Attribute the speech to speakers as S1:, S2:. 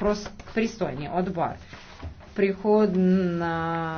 S1: прост, пристойный отбор. Приход на